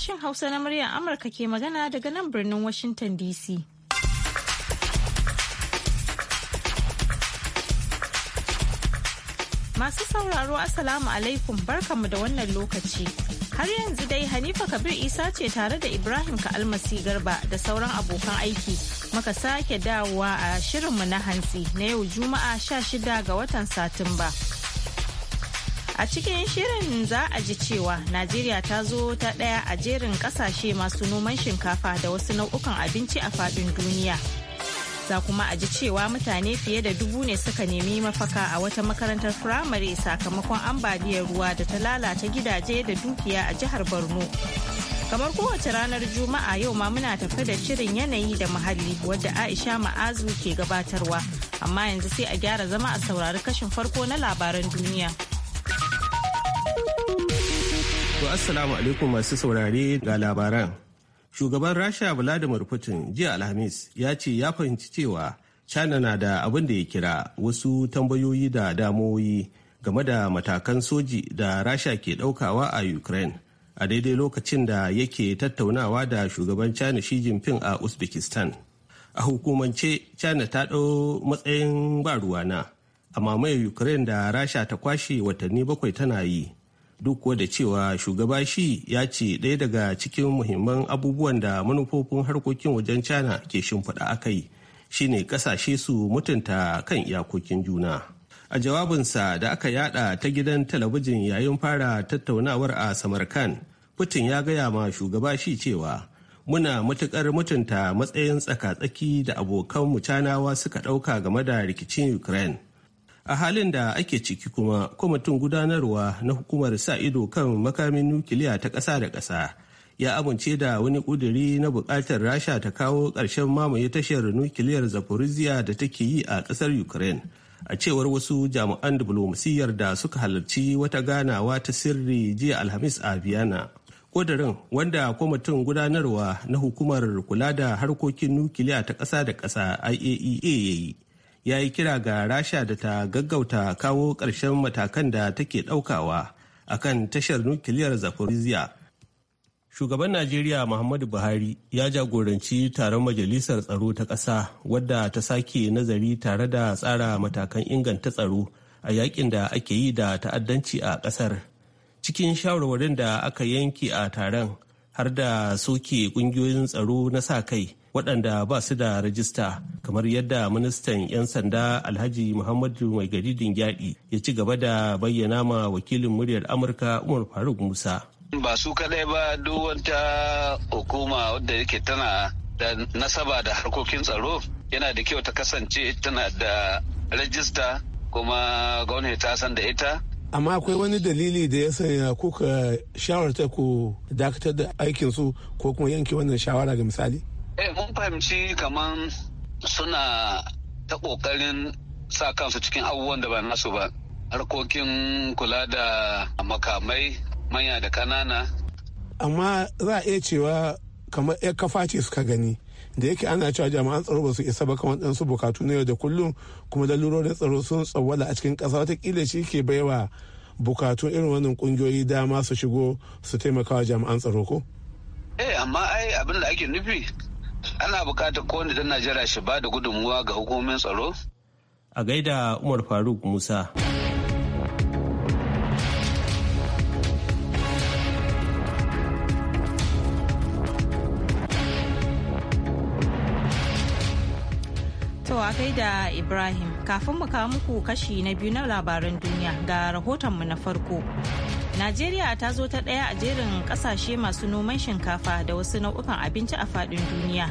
sashen Hausa na muryar Amurka ke magana daga nan birnin Washington DC. Masu sauraro asalamu alaikum barkanmu da wannan lokaci. Har yanzu dai Hanifa Kabir Isa ce tare da Ibrahim Ka'almasi Garba da sauran abokan aiki. Muka sake dawowa a shirinmu na hantsi na yau Juma'a 16 ga watan Satumba. A cikin shirin za a ji cewa Najeriya ta zo ta ɗaya a jerin ƙasashe masu noman shinkafa da wasu nau'ukan abinci a faɗin duniya. Za kuma a ji cewa mutane fiye da dubu ne suka nemi mafaka a wata makarantar firamare sakamakon ambaliyar ruwa da ta lalata gidaje da dukiya a jihar Borno. Kamar kowace ranar Juma'a yau ma muna tafe da shirin yanayi da muhalli wadda Aisha Ma'azu ke gabatarwa. Amma yanzu sai a gyara zama a saurari kashin farko na labaran duniya. To Assalamu alaikum masu saurare ga labaran. Shugaban Rasha Vladimir Putin jiya Alhamis ya ce ya fahimci cewa China na da abin da ya kira wasu tambayoyi da damoyi game da matakan soji da Rasha ke daukawa a Ukraine a daidai lokacin da yake tattaunawa da shugaban China Xi Jinping a Uzbekistan. A hukumance China ta ɗau matsayin ba ruwana, amma mai Ukraine da Rasha ta kwashe watanni bakwai tana yi. duk da cewa shugaba shi ya ce ɗaya daga cikin muhimman abubuwan da manufofin harkokin wajen china ke shimfiɗa aka yi shine ƙasashe su mutunta kan iyakokin juna a jawabinsa da aka yada ta gidan talabijin yayin fara tattaunawar a samarkan putin ya gaya ma shugaba shi cewa muna matukar mutunta matsayin tsaka-tsaki da abokan mu canawa suka ɗauka game da rikicin ukraine a halin da ake ciki kuma kwamitin gudanarwa na hukumar sa ido kan makamin nukiliya ta ƙasa da ƙasa ya amince da wani ƙuduri na buƙatar rasha ta kawo ƙarshen mamaye tashar nukiliyar zaporizhia da take yi a ƙasar ukraine a cewar wasu jami'an diflomasiyyar da suka halarci wata ganawa ta sirri jiya alhamis a biyana ƙudurin wanda kwamitin gudanarwa na hukumar kula da harkokin nukiliya ta ƙasa da ƙasa iaea e ya yi ya yi kira ga rasha da ta gaggauta kawo ƙarshen matakan da take ɗaukawa a kan tashar nukiliyar zaporizhia shugaban najeriya muhammadu buhari ya jagoranci taron majalisar tsaro ta ƙasa wadda ta sake nazari tare da tsara matakan inganta tsaro a yakin da ake yi da ta'addanci a ƙasar cikin shawarwarin da aka yanke a taron har da soke ƙungiyoyin tsaro na sa kai waɗanda ba su da rajista kamar yadda ministan 'yan sanda alhaji muhammadu mai garidin gyaɗi ya ci gaba da bayyana ma wakilin muryar amurka umar faruk musa ba su kaɗai ba duk wata hukuma wadda yake tana da nasaba da harkokin tsaro yana da kyau ta kasance tana da rajista kuma gwamnati ta san da ita amma akwai wani dalili da ya sanya kuka shawarta ku dakatar da aikinsu ko kuma yanke wannan shawara ga misali eh mun fahimci kaman suna ta kokarin sa kansu cikin abubuwan da ba nasu ba harkokin kula da makamai manya da kanana amma za a iya cewa kamar ya kafa ce suka gani da yake ana cewa jami'an tsaro ba su isa ba kamar ɗansu bukatu na yau da kullum kuma lalurorin tsaro sun tsawwala a cikin ƙasa watakila shi ke baiwa bukatu irin wannan ƙungiyoyi dama su shigo su taimaka wa jami'an tsaro ko? eh amma ai abin da ake nufi ana bukatar kowane dan najeriya shi ba da gudunmuwa ga hukumomin tsaro a gaida umar faruk musa To da Ibrahim kafin mu kawo muku kashi na biyu na labaran duniya ga rahotonmu na farko. Najeriya ta zo ta ɗaya a jerin ƙasashe masu noman shinkafa da wasu nau'ukan abinci a faɗin duniya.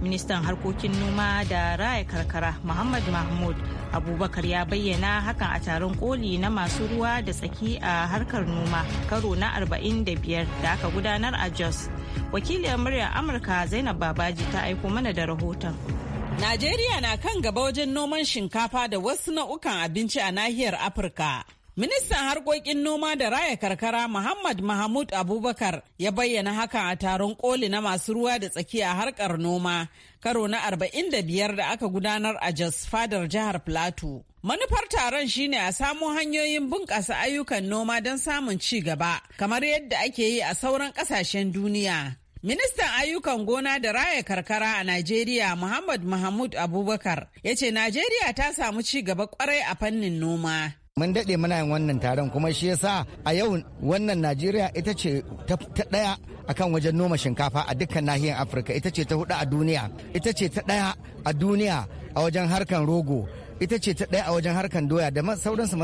ministan harkokin noma da raya karkara muhammad mahmud abubakar ya bayyana hakan a taron koli na masu ruwa da tsaki a harkar noma karo na 45 da aka gudanar a jos wakiliyar muryar amurka zainab babaji ta aiko mana da rahoton Najeriya na kan gaba wajen noman shinkafa da wasu nau'ukan abinci a nahiyar Afirka. Ministan harkokin noma da raya karkara Muhammad Mahmud Abubakar ya bayyana haka a taron koli na masu ruwa da tsakiya harkar noma karo na arba'in da biyar da aka gudanar a Jos Fadar jihar Plateau. Manufar taron shine a samo hanyoyin bunƙasa ayyukan noma don samun ci gaba, kamar yadda ake yi a sauran ƙasashen duniya. Ministan ayyukan gona da raya karkara a Najeriya Muhammad Mahmud Abubakar ya ce Najeriya ta samu ci gaba kwarai a fannin noma. Mun daɗe mana yin wannan taron kuma shi yasa a yau wannan Najeriya ita ce ta ɗaya akan wajen noma shinkafa a dukkan nahiyar Afirka ita ce ta hudu a duniya ita ce ta ɗaya a duniya a wajen harkan rogo ita ce ta ɗaya a wajen harkan doya da sauransu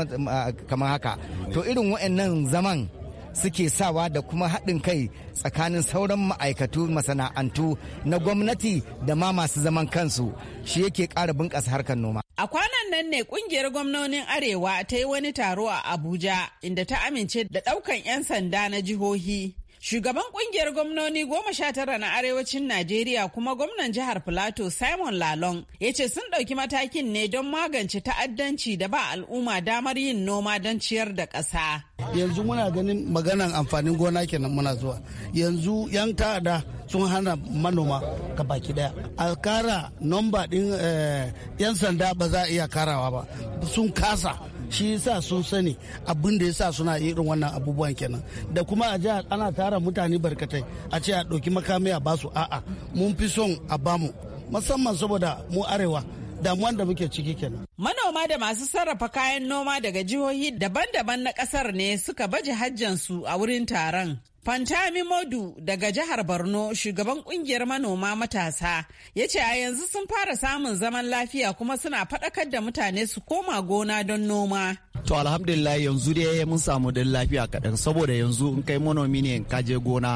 kamar haka to irin waɗannan zaman suke sawa da kuma haɗin kai tsakanin sauran ma'aikatu masana'antu na gwamnati da ma masu zaman kansu shi yake ƙara bunƙasa harkar noma. A kwanan nan ne ƙungiyar gwamnonin Arewa ta yi wani taro a Abuja inda ta amince da ɗaukan 'yan sanda na jihohi Shugaban kungiyar gwamnoni goma sha tara na arewacin Najeriya kuma gwamnan jihar Filato Simon Lalong ya ce sun ɗauki matakin ne don magance ta'addanci da ba al'umma damar yin noma don ciyar da ƙasa. Yanzu muna ganin maganan amfanin gona kenan muna zuwa. Yanzu 'yan ta'ada sun hana manoma ka baki daya. A kara nomba ɗin eh, 'yan sanda ba za a iya karawa ba. Sun kasa. shi yasa sun sani abin da yasa suna irin wannan abubuwan kenan da kuma a jihar ana tara mutane barkatai a ce a ɗauki makami a basu a'a mun fi son a bamu musamman saboda mu arewa damuwan da muke ciki kenan. Manoma da masu sarrafa kayan noma daga jihohi daban-daban na kasar ne suka baje hajjansu a wurin taron. Fantami Modu daga jihar Borno shugaban kungiyar manoma matasa ya ce a yanzu sun fara samun zaman lafiya kuma suna faɗakar da mutane su koma gona don noma. To alhamdulillah yanzu dai mun samu don lafiya kaɗan saboda yanzu in kai manomi ne in kaje gona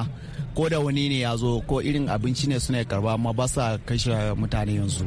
ko da wani ne ya zo ko irin abinci ne suna karba amma ba sa kashe mutane yanzu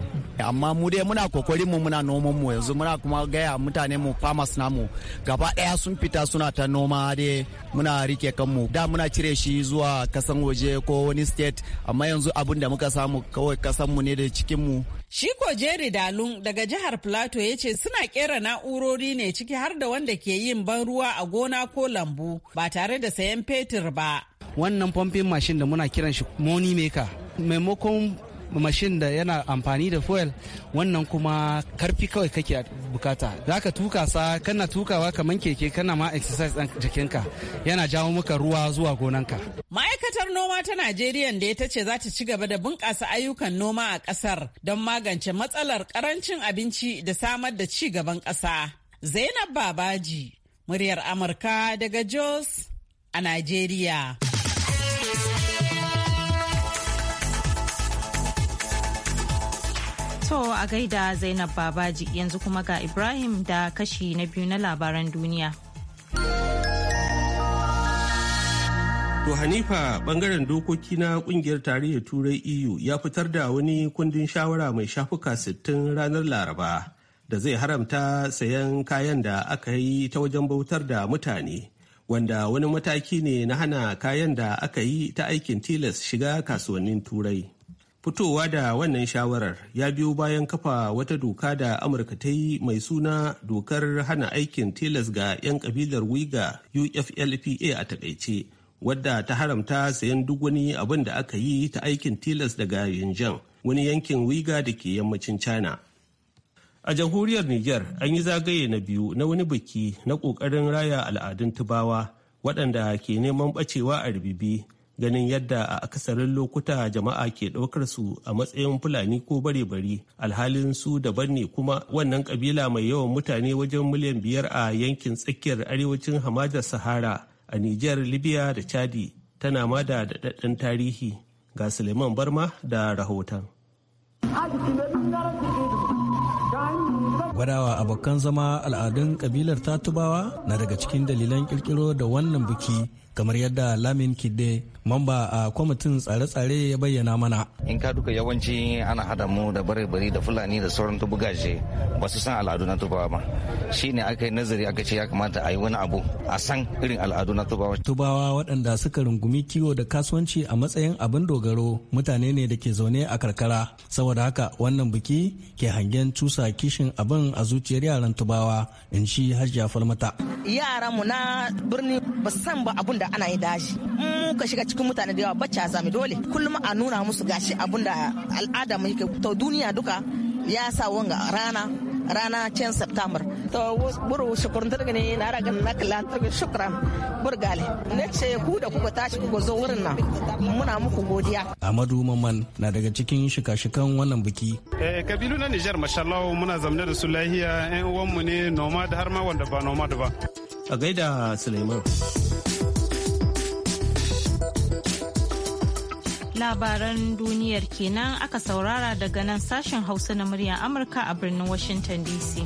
amma mu dai muna kokarin mu muna noman mu yanzu muna kuma gaya mutane mu farmers namu gaba daya sun fita suna ta noma dai muna rike kanmu da muna cire shi zuwa kasan waje ko wani state amma yanzu abin da muka samu kawai kasan mu ne da cikin mu Shi ko Jerry Dalun daga jihar Plateau ya ce suna kera na'urori ne ciki har da wanda ke yin ban ruwa a gona ko lambu ba tare da sayan fetur ba. wannan pumping machine da muna kiran shi money maker maimakon mashin da yana amfani da fuel wannan kuma karfi kawai kake bukata za ka tuka sa kana tukawa kamar keke kana ma exercise ɗan jikinka yana jawo muka ruwa zuwa gonanka ma'aikatar noma ta najeriya da ita ce za ta ci gaba da bunƙasa ayyukan noma a ƙasar don magance matsalar ƙarancin abinci da samar da ci gaban ƙasa zainab babaji muryar amurka daga jos a najeriya To a gaida Zainab Babaji yanzu kuma ga Ibrahim da kashi na biyu na labaran duniya. To Hanifa bangaren dokoki na kungiyar tarayyar turai EU ya fitar da wani kundin shawara mai shafuka 60 ranar Laraba da zai haramta sayan kayan da aka yi ta wajen bautar da mutane wanda wani mataki ne na hana kayan da aka yi ta aikin tilas shiga kasuwannin turai. fitowa da wannan shawarar ya biyo bayan kafa wata doka da amurka ta yi mai suna dokar hana aikin tilas ga 'yan kabilar wiga uflpa a takaice wadda ta haramta sayan duk wani abin da aka yi ta aikin tilas daga yanjan wani yankin wiga da ke yammacin china a jamhuriyar niger an yi zagaye na biyu na wani biki na ƙoƙarin raya al'adun tubawa waɗanda ke neman ɓacewa a ribibi ganin yadda a akasarin lokuta jama'a ke ɗaukar su a matsayin fulani ko bare-bari alhalin su daban ne kuma wannan kabila mai yawan mutane wajen miliyan biyar a yankin tsakiyar arewacin hamadar sahara a nijar libya da chadi tana ma da daɗaɗɗen tarihi ga suleiman barma da rahoton gwadawa abokan zama al'adun kabilar tatubawa na daga cikin dalilan kirkiro da wannan biki kamar yadda lamin kidde mamba a kwamitin tsare-tsare ya bayyana mana in ka duka yawanci ana hada mu da bare-bare da fulani da sauran tubugaje ba su san al'adu na tubawa ba shi ne aka yi nazari aka ce ya kamata a yi wani abu a san irin al'adu na tubawa tubawa waɗanda suka rungumi kiwo da kasuwanci a matsayin abin dogaro mutane ne da ke zaune a karkara saboda haka wannan biki ke hangen cusa kishin abin a zuciyar yaran tubawa in shi hajjiya falmata yaran mu na birni ba san ba abin da ana yi dashi in muka shiga cikin mutane da yawa bacci zami dole kullum a nuna musu gashi abun da al'ada mu yake to duniya duka ya sa wanga rana rana cen september to buru shukurin turga ne na ragan na kala turga shukran burgale ne ce ku da kuka tashi kuka zo wurin nan muna muku godiya amadu mamman na daga cikin shika-shikan wannan biki eh kabilu na niger mashallah muna zamne da su lahiya yan uwanmu ne noma da har ma wanda ba noma ba a gaida suleiman labaran duniyar kenan aka saurara daga nan sashen hausa na muryar amurka a birnin washington dc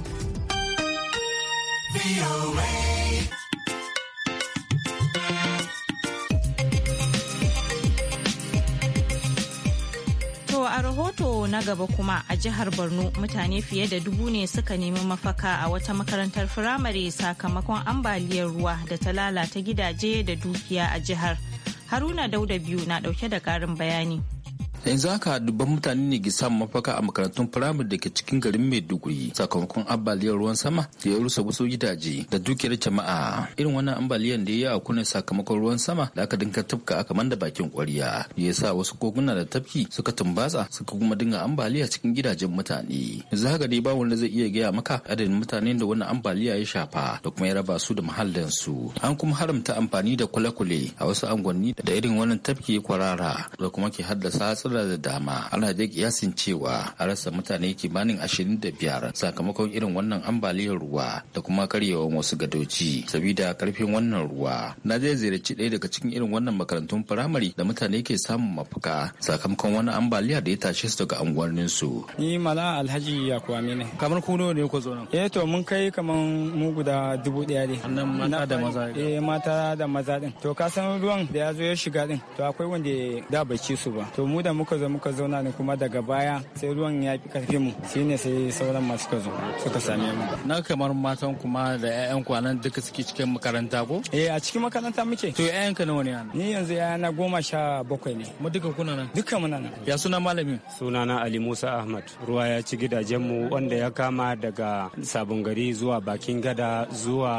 a rahoto na gaba kuma a jihar borno mutane fiye da dubu ne suka nemi mafaka a wata makarantar firamare sakamakon ambaliyar ruwa da ta lalata gidaje da dukiya a jihar. Haruna Dauda biyu na dauke da karin bayani. yanzu haka dubban mutane ne ke samun mafaka a makarantun firamare da ke cikin garin maiduguri sakamakon ambaliyar ruwan sama da ya rusa wasu gidaje da dukiyar jama'a irin wannan ambaliyar da ya yi a sakamakon ruwan sama da aka dinka tafka aka manda bakin kwariya. ya sa wasu koguna da tafki suka tumbatsa suka kuma dinga ambaliya cikin gidajen mutane yanzu haka dai ba wanda zai iya gaya maka adadin mutanen da wannan ambaliya ya shafa da kuma ya raba su da su an kuma haramta amfani da kule a wasu angwanni da irin wannan tafki ya kwarara da kuma ke haddasa hatsari shekara da dama ana da kiyasin cewa a rasa mutane kimanin ashirin da biyar sakamakon irin wannan ambaliyar ruwa da kuma karyewan wasu gadoji sabida karfin wannan ruwa na zai ziyarci ɗaya daga cikin irin wannan makarantun firamare da mutane ke samun mafaka sakamakon wani ambaliya da ya tashe su daga unguwannin su ni mala alhaji kuwa ne kamar kuno ne ko zo nan eh to mun kai kamar mu guda dubu ɗaya ne nan mata da maza eh mata da maza din to ka san ruwan da ya zo ya shiga din to akwai wanda da bai ci su ba to mu da mu muka zo muka zauna ne kuma daga baya sai ruwan ya fi karfi mu shine sai sauran masu ka zo suka same mu na kamar matan kuma da ƴaƴan kwanan duka suke cikin makaranta ko eh a cikin makaranta muke to ƴaƴan ka nawa ne ana ni yanzu ƴaƴa na goma sha bakwai ne mu duka kuna nan duka muna nan ya suna malamin sunana Ali Musa Ahmad ruwa ya ci gidajen mu wanda ya kama daga sabon gari zuwa bakin gada zuwa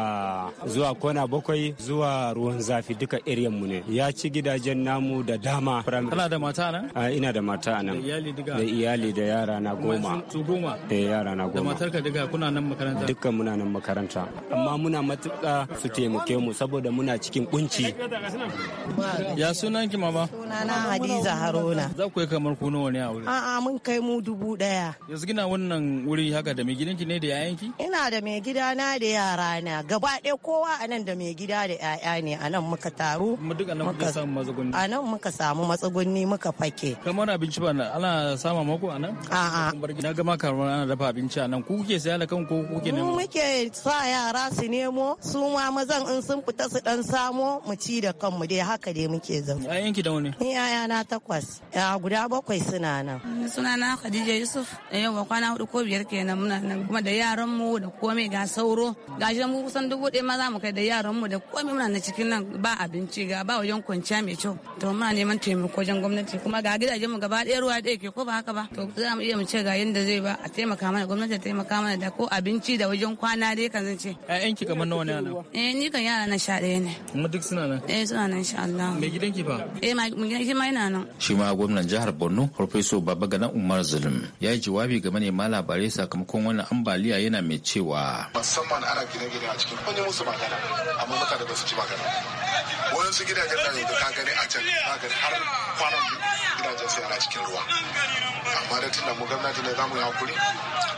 zuwa kona bakwai zuwa ruwan zafi duka area mu ne ya ci gidajen namu da dama kana da mata nan ina da mata a nan da iyali da yara na goma da yara na goma duka dukkan muna nan makaranta amma muna matuƙa su taimake mu saboda muna cikin kunci ya sunan ki mama sunana Hadiza Haruna za ku yi kamar ku nawa ne a wuri a'a mun kai mu dubu daya yanzu gina wannan wuri haka da mai gidanki ne da yayanki ina da mai gida na da yara na gaba ɗaya kowa a nan da mai gida da yaya ne a nan muka taru a nan muka samu matsugunni muka fake kamar abinci ba ana sama mako a nan a'a na gama kamar ana dafa abinci a nan ku kuke saya da kanku ko kuke nemo muke sa yara su nemo su ma mazan in sun fita su dan samo mu ci da kanmu dai haka dai muke zama Ya yanki da wani ni yaya na takwas ya guda bakwai suna nan suna na Khadija Yusuf eh, yawa kwana hudu ko biyar kenan muna nan kuma da yaran mu da komai ga sauro ga shi mu kusan dubu ɗaya ma za mu kai da yaran mu da komai muna na cikin nan ba abinci ga ba wajen kwanciya mai kyau to muna neman taimako wajen gwamnati kuma ga gida gidajen mu gaba ɗaya ruwa ɗaya ke ko ba haka ba to za mu iya mu ce ga yanda zai ba a taimaka mana gwamnati ta taimaka mana da ko abinci da wajen kwana dai kan zance ƴaƴan ki kamar nawa ne ana eh ni kan yara na sha ɗaya ne kuma duk suna nan eh suna nan insha Allah me gidan ki fa eh ma gidan ki ma yana nan shi ma gwamnan jihar Borno Professor Babagana Umar Zulum ya yi jawabi ga manema labarai sakamakon wannan ambaliya yana mai cewa musamman ana gine-gine a cikin wani musu magana amma muka ba su ci magana wayansu gidajen da ka gani a can ka gani har kwanan gidajen su yana cikin ruwa amma da tunda mu gwamnati ne zamu yi hakuri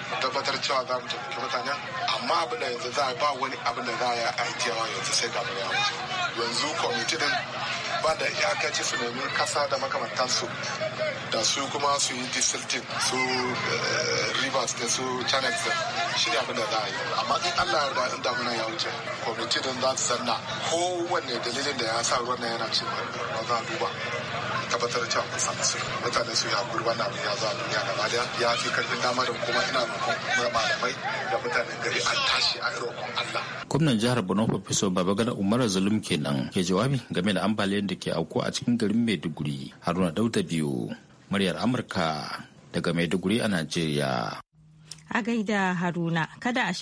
mu tabbatar cewa za mu tafi mutane amma abin da yanzu za a ba wani abin da za a yi aikiyawa yanzu sai ga ya mutu yanzu kwamiti din ba da iyakaci su nemi kasa da makamantansu da su kuma su yi disiltin su eh, rivers da su channels din shi ne abin da za a yi amma in allah yarda in damuna ya wuce kwamiti din za su sanna kowanne dalilin da ya sa ruwan yana cewa ba za a duba tabbatar cewa mun samu sulhu mutane su ya hakuri wannan abin ya zo a duniya gaba daya ya fi karfin dama da kuma ina roƙon malamai da mutanen gari an tashi a roƙon Allah. Gwamnan jihar Borno Professor Babagana Umar Zulum kenan ke jawabi game da ambaliyar da ke auku a cikin garin Maiduguri Haruna Dauda biyu muryar Amurka daga Maiduguri a Najeriya. A gaida Haruna, kada a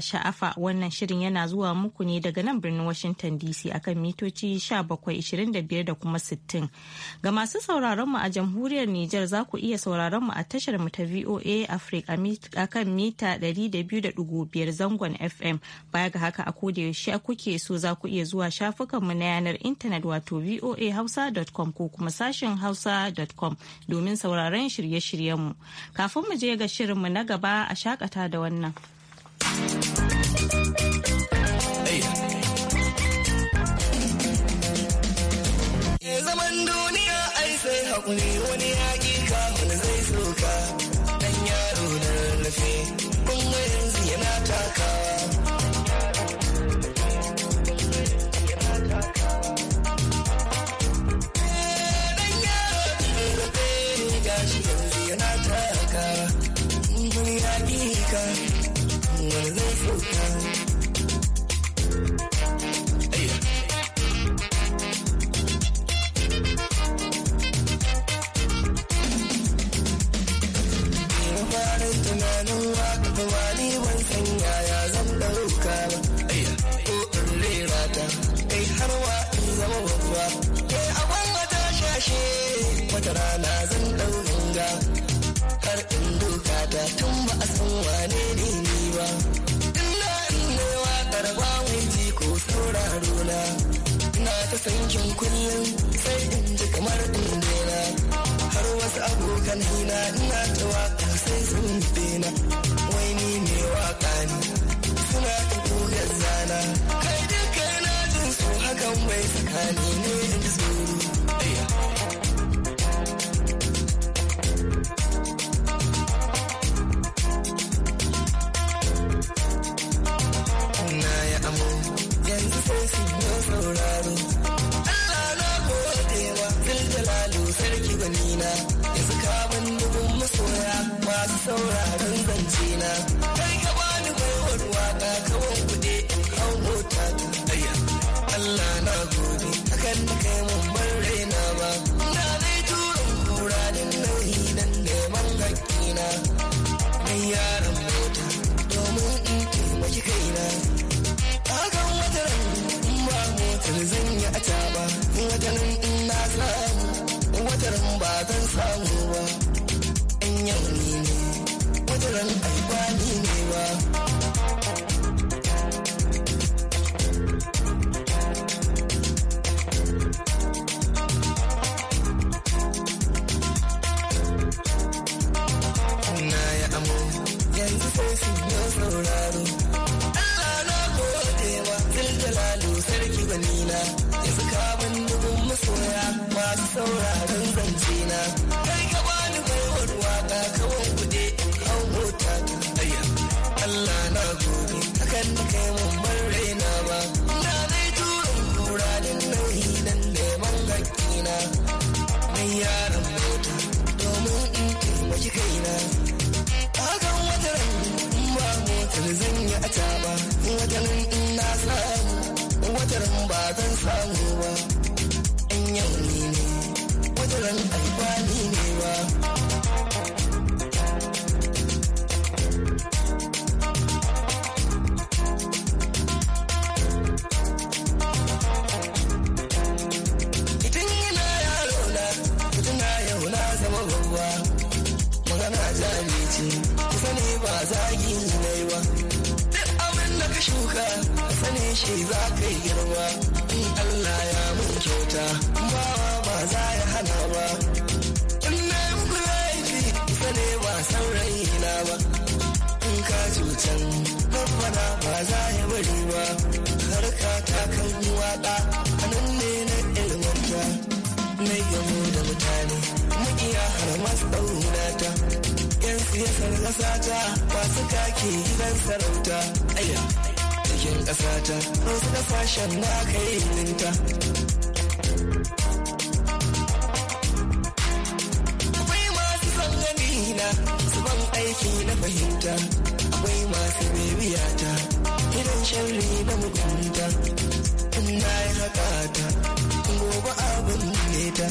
sha'afa wannan shirin yana zuwa muku ne daga nan birnin Washington DC akan mitoci 1725 da kuma 60. Ga masu sauraron mu a jamhuriyar Nijar za ku iya sauraron mu a tashar mu ta VOA Africa kan mita 200.5 zangon FM. Baya ga haka a koda yaushe kuke so za ku iya zuwa shafukan mu na yanar intanet wato voahausa.com ko kuma sashin hausa.com domin sauraron shirye-shiryen mu. Kafin mu je ga shirin mu na gaba ba a shakata da wannan. Zaman duniya ai sai haƙuri wani yaƙi kafin zai soka ɗan yaro da rarrafe. masoya masu sauraron zance na kai ka bani baiwar waka kawai kuɗe in hau mota Allah na gobe akan kai mun jami ce kusa ne ba zagi na yi ba duk abin da ka shuka kusa ne shi za ka yi girma in Allah ya mun kyauta bawa ba za ya hana ba in na yi muku laifi kusa ne ba san na ba in ka cutan babbana ba za ya bari ba harka ta kan waɗa a nan ne na ilmanta na gamo da mutane iya har masu ɗaunata siyasar ƙasata masu take gidan sarauta ƙaya cikin ƙasata wasu ƙasashen na aka yi ninta akwai masu son na su ban aiki na fahimta akwai masu bibiyata idan sharri na mugunta Ina na yi haƙata gobe abin ne ta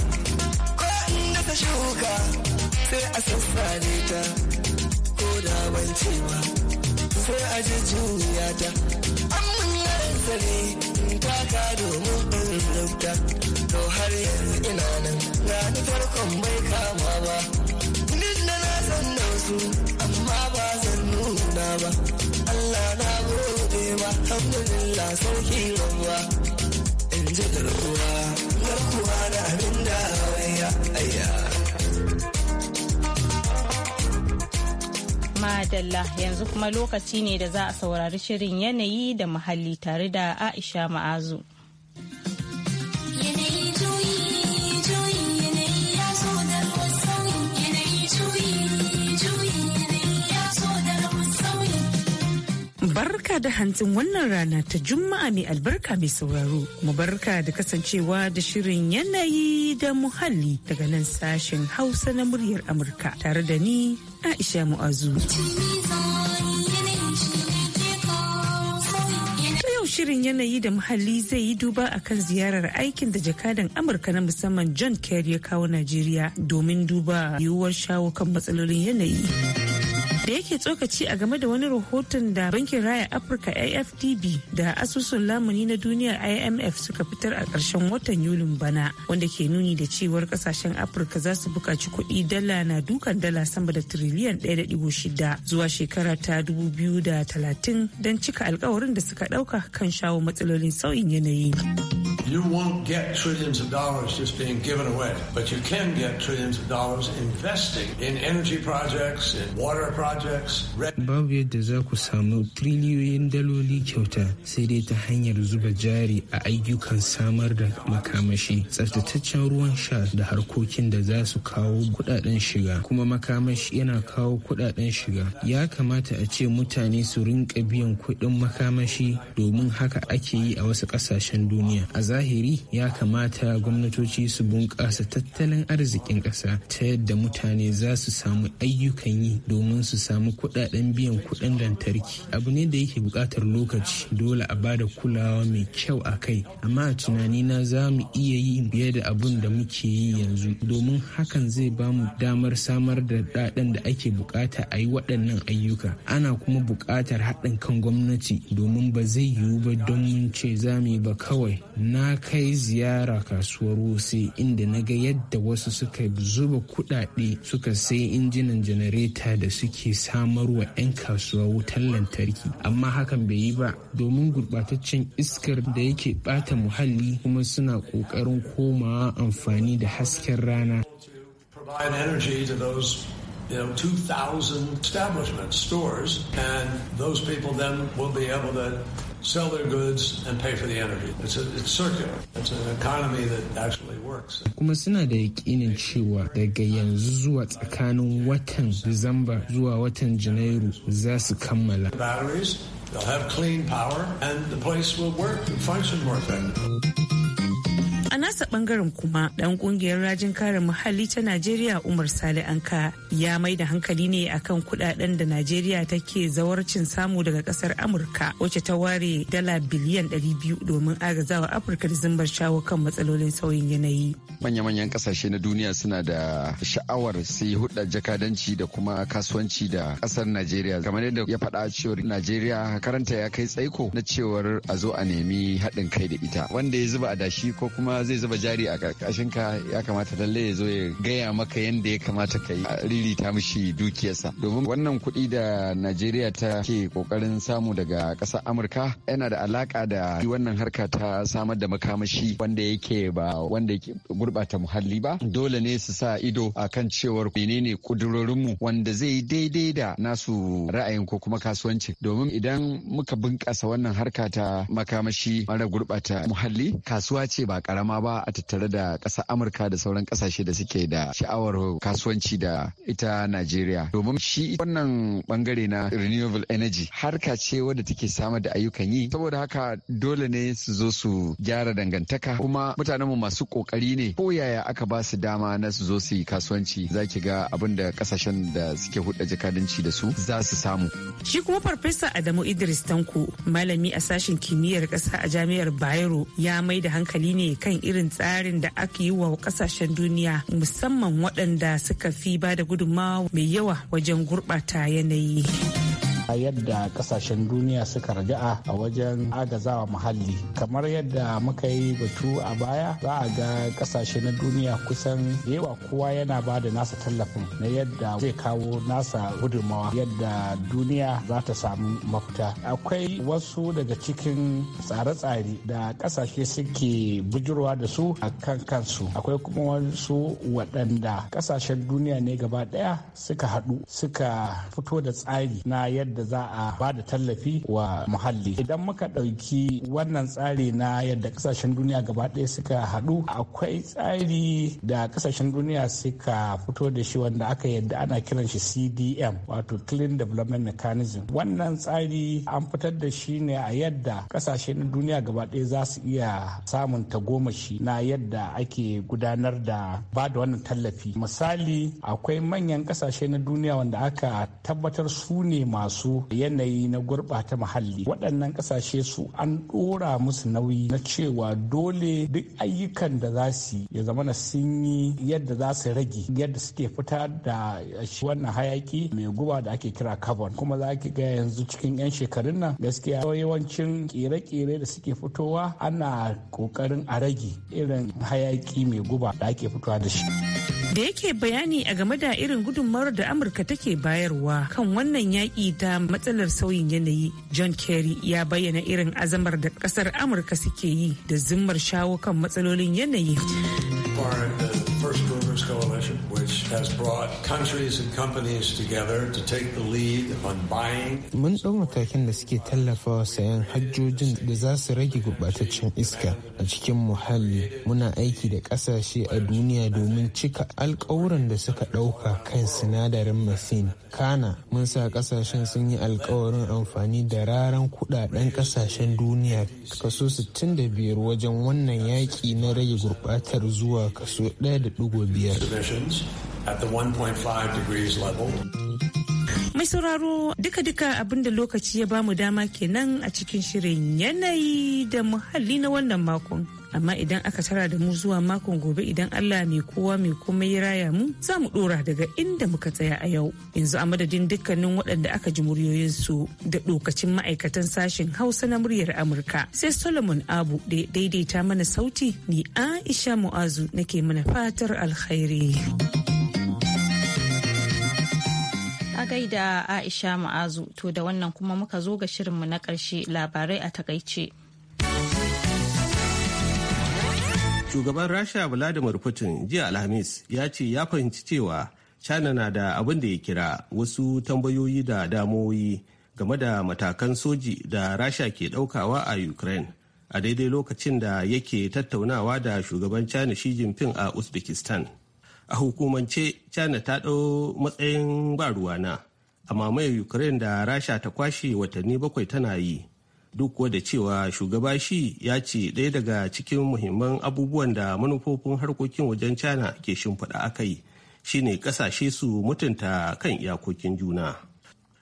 ko inda ta shuka sai a sassare ta ko da ban ce sai a ji juriya ta an mun yarsare in taka domin in to har yanzu ina nan Na ni farkon bai kama ba duk da na san da su amma ba zan nuna ba Allah na gode ba alhamdulillah sarki rabuwa in ji garkuwa garkuwa da abin da waya ayya Madalla yanzu kuma lokaci ne da za a saurari shirin yanayi da muhalli tare da Aisha Ma'azu. Barka da hantsin wannan rana ta Juma'a mai albarka mai sauraro. Mu barka da kasancewa da shirin yanayi da muhalli daga nan sashen Hausa na muryar Amurka tare da ni Aisha Mu'azu. shirin yanayi da muhalli zai yi duba akan ziyarar aikin da jakadan amurka na musamman john kerry ya kawo najeriya domin duba yiwuwar shawo kan matsalolin yanayi. da yake tsokaci a game da wani rahoton da bankin raya afirka afdb da asusun lamuni na duniyar imf suka fitar a ƙarshen watan yulin bana wanda ke nuni da cewar kasashen afirka za su buƙaci kuɗi dala na dukan dala sama da tiriliyan 1.6 zuwa shekara ta 2030 don cika alkawarin da suka ɗauka kan shawo matsalolin sauyin yanayi. You won't get trillions of dollars just being given away, but you can get trillions of dollars investing in energy projects, in water projects. Babu yadda za ku samu triliyoyin daloli kyauta sai dai ta hanyar zuba jari a ayyukan samar da makamashi, tsaftataccen ruwan sha da harkokin da za su kawo kudaden shiga. Kuma makamashi yana kawo kudaden shiga. Ya kamata a ce mutane su rinka biyan kuɗin makamashi domin haka ake yi a wasu ƙasashen duniya. A zahiri ya kamata gwamnatoci su bunƙasa tattalin arzikin ƙasa ta yadda mutane za su samu ayyukan yi domin su samu kuɗaɗen biyan kuɗin lantarki abu ne da yake buƙatar lokaci dole a bada kulawa mai kyau a kai amma a tunanina za mu iya yi biye da abun da muke yi yanzu domin hakan zai ba mu damar samar da daɗin da ake buƙata a yi waɗannan ayyuka ana kuma buƙatar haɗin kan gwamnati domin ba zai yiwu ba don mun ce za mu yi ba kawai na kai ziyara kasuwar wuse inda na ga yadda wasu suka zuba kuɗaɗe suka sai injinan janareta da suke ake wa 'yan kasuwa wutar lantarki amma hakan bai yi ba domin gurɓataccen iskar da yake ɓata muhalli kuma suna ƙoƙarin komawa amfani da hasken rana you know, 2,000 establishments, stores, and those people then will be able to sell their goods and pay for the energy. It's, a, it's circular. It's an economy that actually works. Kuma suna da yakinin cewa daga yanzu zuwa tsakanin watan Disamba zuwa watan Janairu za su kammala. Batteries, they'll have clean power and the place will work and function more effectively. nasa bangaren kuma dan kungiyar rajin kare muhalli ta najeriya umar sale anka ya mai da hankali ne akan kuɗaɗen da najeriya take zawarcin samu daga kasar amurka wacce ta ware dala biliyan 200 domin agazawa afirka da zimbar shawo kan matsalolin sauyin yanayi manya-manyan kasashe na duniya suna da sha'awar su yi hudda jakadanci da kuma kasuwanci da kasar najeriya kamar yadda ya faɗa cewar najeriya karanta ya kai tsaiko na cewar a zo a nemi haɗin kai da ita wanda ya zuba adashi ko kuma zai zuba jari a karkashin ka ya kamata lalle ya zo ya gaya maka yadda ya kamata ka yi ririta mishi dukiyarsa domin wannan kuɗi da najeriya ta ke kokarin samu daga ƙasar amurka yana da alaka da wannan harka ta samar da makamashi wanda yake ba wanda yake gurɓata muhalli ba dole ne su sa ido a kan cewar menene kudurorinmu wanda zai yi daidai da nasu ra'ayin ko kuma kasuwanci domin idan muka bunƙasa wannan harka ta makamashi mara gurɓata muhalli kasuwa ce ba ƙarama ba a tattare da ƙasar amurka da sauran ƙasashe da suke da sha'awar kasuwanci da ita najeriya domin shi wannan bangare na renewable energy harka ce wadda take samar da ayyukan yi saboda haka dole ne su zo su gyara dangantaka kuma mutanenmu masu ƙoƙari ne ko yaya aka ba su dama na su zo su yi kasuwanci za ki ga abin da ƙasashen da suke hudda jakadanci da su za su samu shi kuma farfesa adamu idris tanko malami a sashen kimiyyar ƙasa a jami'ar bayero ya mai da hankali ne kan irin tsarin da aka yi wa kasashen duniya musamman waɗanda suka fi ba da gudunmawa mai yawa wajen gurɓata yanayi. yadda kasashen duniya suka raja'a a wajen agazawa muhalli kamar yadda muka yi batu a baya za a ga kasashe na duniya kusan yawa kowa yana ba da nasa tallafin na yadda zai kawo nasa gudunmawa yadda duniya za ta samu mafita akwai wasu daga cikin tsare-tsare da kasashe suke bujurwa da su a kan kansu akwai kuma wasu waɗanda kasashen duniya ne gaba ɗaya suka haɗu suka fito da tsari na yadda yadda za a ba da tallafi wa muhalli idan muka ɗauki wannan tsari na yadda kasashen duniya gaba ɗaya suka haɗu akwai tsari da kasashen duniya suka fito da shi wanda aka yadda ana kiran shi cdm wato clean development mechanism wannan tsari an fitar da shi ne a yadda kasashe na duniya gaba ɗaya za su iya samun tagomashi na yadda ake gudanar da ba da wannan tallafi misali akwai manyan ƙasashe na duniya wanda aka tabbatar su ne masu su yanayi na gurɓata muhalli waɗannan ƙasashe su an ɗora musu nauyi na cewa dole duk ayyukan da za su ya zama na sun yi yadda za su rage yadda suke fita da shi. wannan hayaki mai guba da ake kira carbon kuma za ki ga yanzu cikin 'yan shekarun nan gaskiya yawancin kere-kere da suke fitowa ana ƙoƙarin a rage irin hayaki mai guba da ake fitowa da shi. da yake bayani a game da irin gudunmawar da amurka take bayarwa kan wannan yaƙi ta matsalar sauyin yanayi john kerry ya bayyana irin azamar da ƙasar amurka suke yi da zimmar shawo kan matsalolin yanayi Mun ɗau matakin da suke tallafawa sayan hajjojin da za su rage gurɓataccen iska a cikin muhalli. Muna aiki da ƙasashe a duniya domin cika alƙawuran da suka ɗauka kan sinadarin masin. Kana mun sa ƙasashen sun yi alƙawarin amfani da raran kuɗaɗen ƙasashen duniya kaso 65 wajen wannan yaƙi na rage gurɓatar zuwa kaso 1.5. at the 1.5 degrees level. Mai sauraro duka-duka abinda lokaci ya bamu dama kenan a cikin shirin yanayi da muhalli na wannan makon. Amma idan aka tara da mu zuwa makon gobe idan Allah mai kowa mai kuma ya raya mu za mu dora daga inda muka tsaya a yau. Yanzu a madadin dukkanin waɗanda aka ji muryoyinsu da ɗokacin ma'aikatan sashen Hausa na muryar Amurka. Sai Solomon Abu da daidaita mana sauti ni Aisha Mu'azu nake mana fatar alkhairi. da Aisha Ma'azu to da wannan kuma muka zo ga shirinmu na ƙarshe labarai a takaice. Shugaban Rasha Vladimir Putin jiya Alhamis ya ce ya fahimci cewa China na da abin da ya kira wasu tambayoyi da damoyi game da matakan soji da Rasha ke ɗaukawa a Ukraine a daidai lokacin da yake tattaunawa da shugaban China Xi Jinping a Uzbekistan. a hukumance china ta ɗau matsayin ba ruwana amma mai ukraine da rasha ta kwashe watanni bakwai tana yi duk kuwa da cewa shugaba shi ya ce ɗaya daga cikin muhimman abubuwan da manufofin harkokin wajen china ke shimfiɗa aka yi shine ƙasashe su mutunta kan iyakokin juna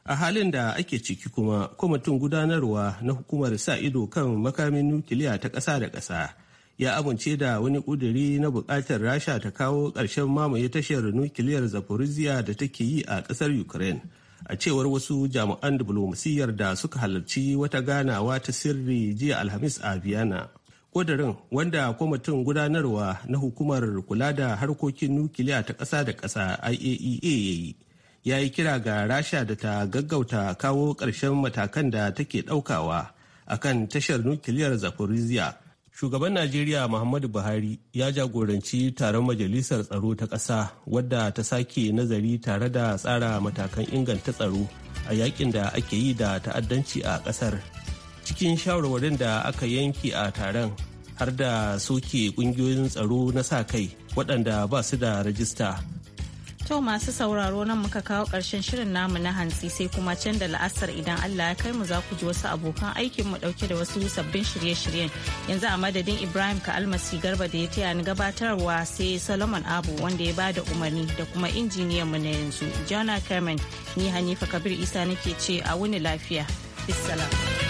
a halin da ake ciki kuma kwamitin gudanarwa na hukumar sa ido kan makamin nukiliya ta ƙasa da ƙasa ya amince da wani kuduri na buƙatar rasha ta kawo ƙarshen mamaye tashar nukiliyar zaporizhia da take yi a ƙasar ukraine a cewar wasu jami'an diflomasiyyar da suka halarci wata ganawa ta sirri jiya alhamis a Viana. Kudirin, wanda kwamitin gudanarwa na hukumar kula da harkokin nukiliya ta ƙasa da ƙasa iaea e ya yi ya yi kira ga rasha da ta gaggauta kawo ƙarshen matakan da take ɗaukawa akan tashar nukiliyar zaporizhia shugaban najeriya muhammadu buhari ya jagoranci taron majalisar tsaro ta ƙasa wadda ta sake nazari tare da tsara matakan inganta tsaro a yakin da ake yi da ta'addanci a ƙasar cikin shawarwarin da aka yanke a taron har da soke ƙungiyoyin tsaro na sa kai waɗanda ba su da rajista To masu sauraro nan muka kawo ƙarshen shirin namu na hantsi sai kuma can da la'asar idan Allah ya kai mu za ku ji wasu abokan aikin mu ɗauke da wasu sabbin shirye-shiryen. Yanzu a madadin Ibrahim ka almasi garba da ya taya ni gabatarwa sai Solomon Abu wanda ya bada umarni da kuma injiniyan mu na yanzu. Jona Kerman ni Hanifa Kabir Isa nake ce a wuni lafiya. Bissalam.